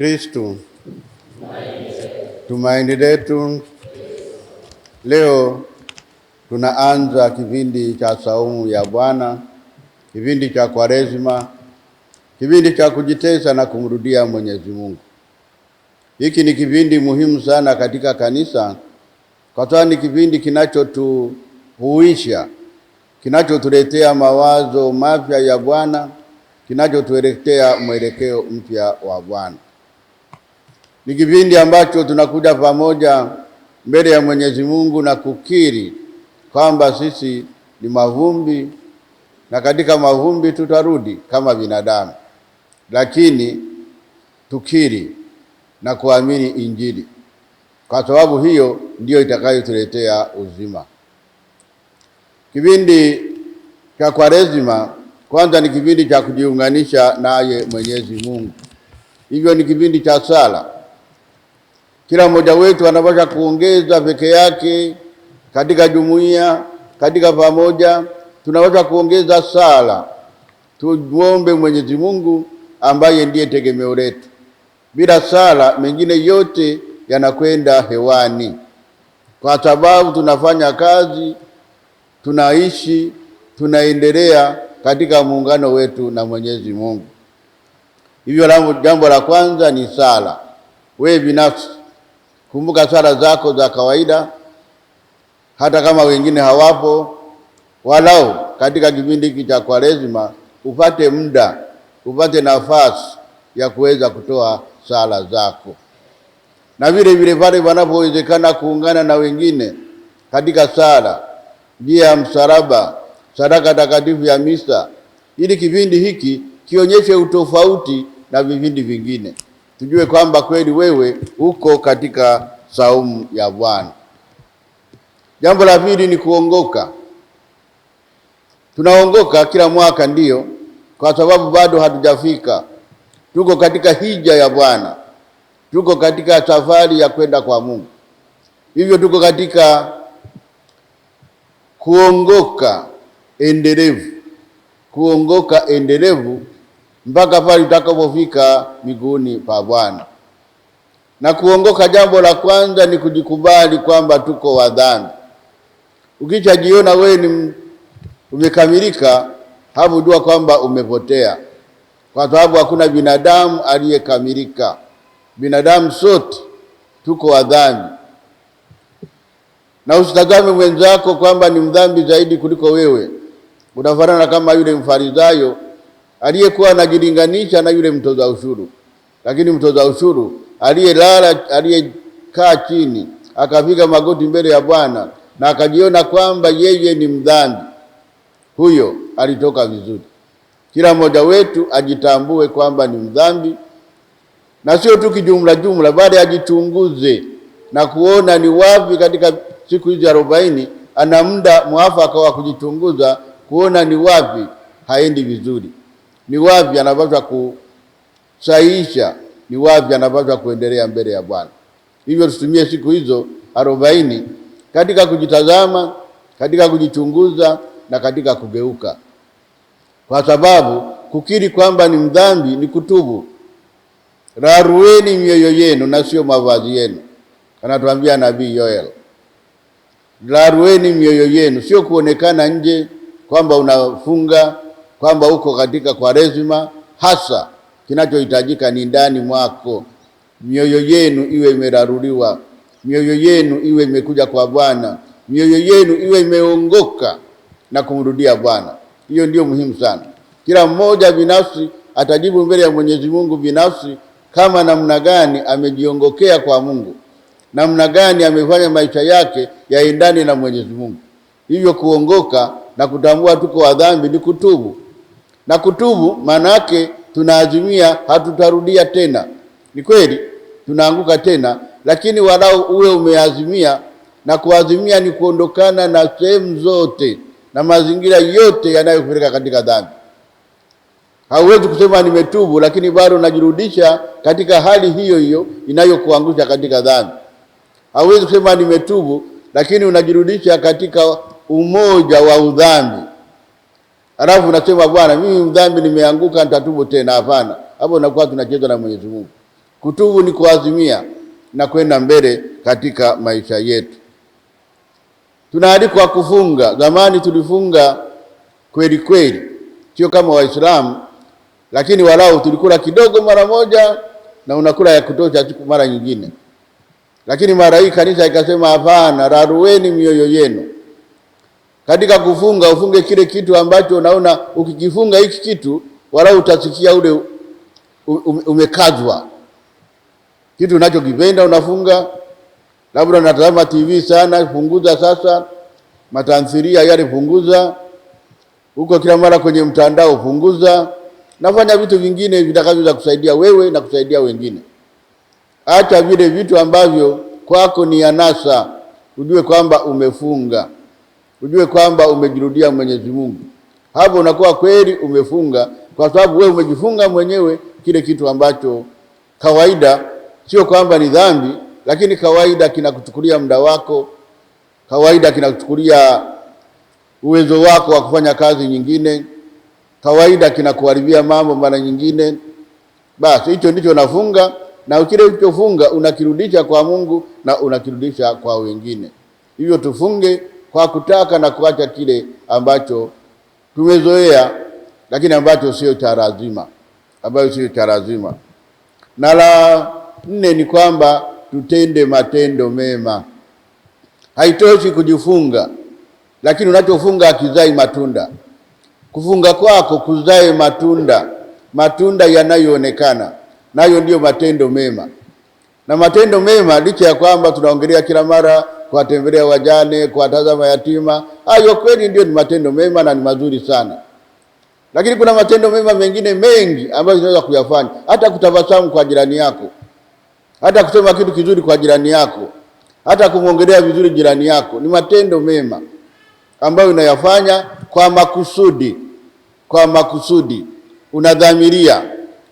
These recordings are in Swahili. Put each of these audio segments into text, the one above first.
Kristu tumaini letu. Leo tunaanza kipindi cha saumu ya Bwana, kipindi cha Kwaresima, kipindi cha kujitesa na kumrudia Mwenyezi Mungu. Hiki ni kipindi muhimu sana katika kanisa, kwa sababu ni kipindi kinachotuhuisha, kinachotuletea mawazo mapya ya Bwana, kinachotueletea mwelekeo mpya wa Bwana. Ni kipindi ambacho tunakuja pamoja mbele ya Mwenyezi Mungu na kukiri kwamba sisi ni mavumbi na katika mavumbi tutarudi kama binadamu, lakini tukiri na kuamini Injili, kwa sababu hiyo ndiyo itakayotuletea uzima. Kipindi cha Kwaresima kwanza ni kipindi cha kujiunganisha naye Mwenyezi Mungu, hivyo ni kipindi cha sala kila mmoja wetu anapaswa kuongeza peke yake katika jumuiya, katika pamoja, tunapaswa kuongeza sala. Tumwombe Mwenyezi Mungu ambaye ndiye tegemeo letu. Bila sala, mengine yote yanakwenda hewani, kwa sababu tunafanya kazi, tunaishi, tunaendelea katika muungano wetu na Mwenyezi Mungu. Hivyo jambo la kwanza ni sala, wewe binafsi Kumbuka swala zako za kawaida, hata kama wengine hawapo, walau katika kipindi hiki cha Kwaresima upate muda, upate nafasi ya kuweza kutoa sala zako, na vile vile pale panapowezekana kuungana na wengine katika sala, njia ya msalaba, sadaka takatifu ya misa, ili kipindi hiki kionyeshe utofauti na vipindi vingine tujue kwamba kweli wewe uko katika saumu ya Bwana. Jambo la pili ni kuongoka. Tunaongoka kila mwaka, ndiyo, kwa sababu bado hatujafika. Tuko katika hija ya Bwana, tuko katika safari ya kwenda kwa Mungu, hivyo tuko katika kuongoka endelevu, kuongoka endelevu mpaka pale utakapofika miguuni pa Bwana. Na kuongoka, jambo la kwanza ni kujikubali kwamba tuko wadhambi. Ukichajiona wewe ni umekamilika, hapo jua kwamba umepotea, kwa sababu hakuna binadamu aliyekamilika. Binadamu sote tuko wadhambi, na usitazame mwenzako kwamba ni mdhambi zaidi kuliko wewe, unafanana kama yule mfarizayo aliyekuwa anajilinganisha na yule mtoza ushuru. Lakini mtoza ushuru aliyelala, aliyekaa chini akapiga magoti mbele ya Bwana na akajiona kwamba yeye ni mdhambi, huyo alitoka vizuri. Kila mmoja wetu ajitambue kwamba ni mdhambi, na sio tu kijumla jumla, bali ajichunguze na kuona ni wapi katika siku hizi arobaini ana muda mwafaka wa kujichunguza, kuona ni wapi haendi vizuri ni wapi anapaswa kusahihisha, ni wapi anapaswa kuendelea mbele ya Bwana. Hivyo tutumie siku hizo arobaini katika kujitazama, katika kujichunguza na katika kugeuka, kwa sababu kukiri kwamba ni mdhambi ni kutubu. Rarueni mioyo yenu na sio mavazi yenu, anatuambia nabii Yoel. Rarueni mioyo yenu, sio kuonekana nje kwamba unafunga kwamba uko katika Kwaresima, hasa kinachohitajika ni ndani mwako mioyo yenu iwe imeraruliwa, mioyo yenu iwe imekuja kwa Bwana, mioyo yenu iwe imeongoka na kumrudia Bwana. Hiyo ndiyo muhimu sana. Kila mmoja binafsi atajibu mbele ya Mwenyezi Mungu binafsi kama namna gani amejiongokea kwa Mungu, namna gani amefanya maisha yake yaendane na Mwenyezi Mungu. Hivyo kuongoka na kutambua tuko wa dhambi ni kutubu, na kutubu maana yake tunaazimia hatutarudia tena. Ni kweli tunaanguka tena, lakini walau uwe umeazimia, na kuazimia ni kuondokana na sehemu zote na mazingira yote yanayokupeleka katika dhambi. Hauwezi kusema nimetubu, lakini bado unajirudisha katika hali hiyo hiyo inayokuangusha katika dhambi. Hauwezi kusema nimetubu, lakini unajirudisha katika umoja wa udhambi alafu unasema bwana, mimi mdhambi nimeanguka, nitatubu tena. Hapana, hapo unakuwa tunacheza na Mwenyezi Mungu. Kutubu ni kuazimia na kwenda mbele katika maisha yetu. Tunaalikwa kufunga. Zamani tulifunga kweli kweli, sio kama Waislamu, lakini walau tulikula kidogo mara moja na unakula ya kutosha siku mara nyingine. Lakini mara hii kanisa ikasema hapana, rarueni mioyo yenu katika kufunga ufunge kile kitu ambacho unaona ukikifunga hiki kitu wala utasikia ule umekazwa. Kitu unachokipenda unafunga, labda unatazama TV sana, punguza sasa. Matamthilia yale punguza, huko kila mara kwenye mtandao punguza, nafanya vitu vingine vitakavyoweza kusaidia wewe na kusaidia wengine. Acha vile vitu ambavyo kwako ni anasa, ujue kwamba umefunga ujue kwamba umejirudia Mwenyezi Mungu. Hapo unakuwa kweli umefunga, kwa sababu wewe umejifunga mwenyewe kile kitu ambacho kawaida sio kwamba ni dhambi, lakini kawaida kinakuchukulia muda wako, kawaida kinakuchukulia uwezo wako wa kufanya kazi nyingine, kawaida kinakuharibia mambo mara nyingine. Basi hicho ndicho nafunga, na kile ulichofunga unakirudisha kwa Mungu na unakirudisha kwa wengine. Hivyo tufunge kwa kutaka na kuacha kile ambacho tumezoea, lakini ambacho sio cha lazima, ambayo sio cha lazima. Na la nne ni kwamba tutende matendo mema. Haitoshi kujifunga, lakini unachofunga akizai matunda, kufunga kwako kuzae matunda, matunda yanayoonekana nayo ndiyo matendo mema. Na matendo mema, licha ya kwamba tunaongelea kila mara kuwatembelea wajane, kuwatazama yatima. Hayo kweli ndio ni matendo mema na ni mazuri sana, lakini kuna matendo mema mengine mengi ambayo unaweza kuyafanya, hata kutabasamu kwa jirani yako, hata kusema kitu kizuri kwa jirani yako, hata kumwongelea vizuri jirani yako, ni matendo mema ambayo unayafanya kwa makusudi, kwa makusudi unadhamiria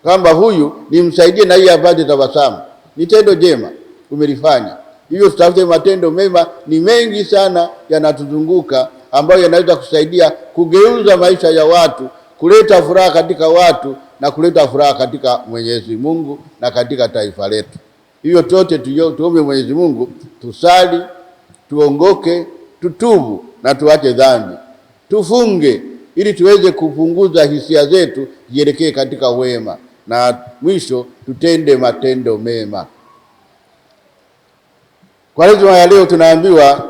kwamba huyu nimsaidie na yeye apate tabasamu. Ni tendo jema umelifanya. Hivyo tutafute matendo mema, ni mengi sana yanatuzunguka, ambayo yanaweza kusaidia kugeuza maisha ya watu, kuleta furaha katika watu na kuleta furaha katika Mwenyezi Mungu na katika taifa letu. Hiyo tote tuombe Mwenyezi Mungu, tusali, tuongoke, tutubu na tuache dhambi, tufunge ili tuweze kupunguza hisia zetu zielekee katika wema, na mwisho tutende matendo mema. Kwa hiyo ya leo tunaambiwa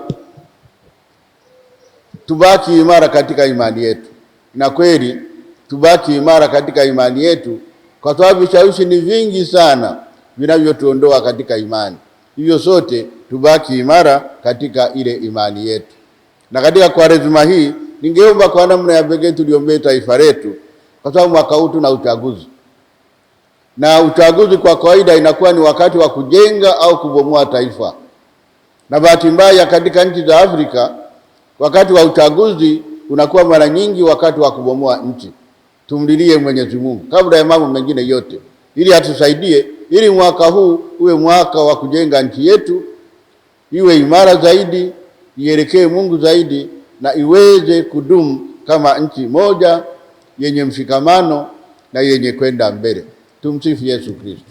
tubaki imara katika imani yetu, na kweli tubaki imara katika imani yetu, kwa sababu vishawishi ni vingi sana vinavyotuondoa katika imani. Hivyo sote tubaki imara katika ile imani yetu. Na katika Kwaresima hii ningeomba kwa namna ya pekee tuliombee taifa letu, kwa sababu mwaka huu tuna uchaguzi, na uchaguzi kwa kawaida inakuwa ni wakati wa kujenga au kubomoa taifa na bahati mbaya katika nchi za Afrika, wakati wa uchaguzi unakuwa mara nyingi wakati wa kubomoa nchi. Tumlilie Mwenyezi Mungu kabla ya mambo mengine yote, ili atusaidie, ili mwaka huu uwe mwaka wa kujenga nchi yetu, iwe imara zaidi, ielekee Mungu zaidi, na iweze kudumu kama nchi moja yenye mshikamano na yenye kwenda mbele. Tumsifu Yesu Kristo.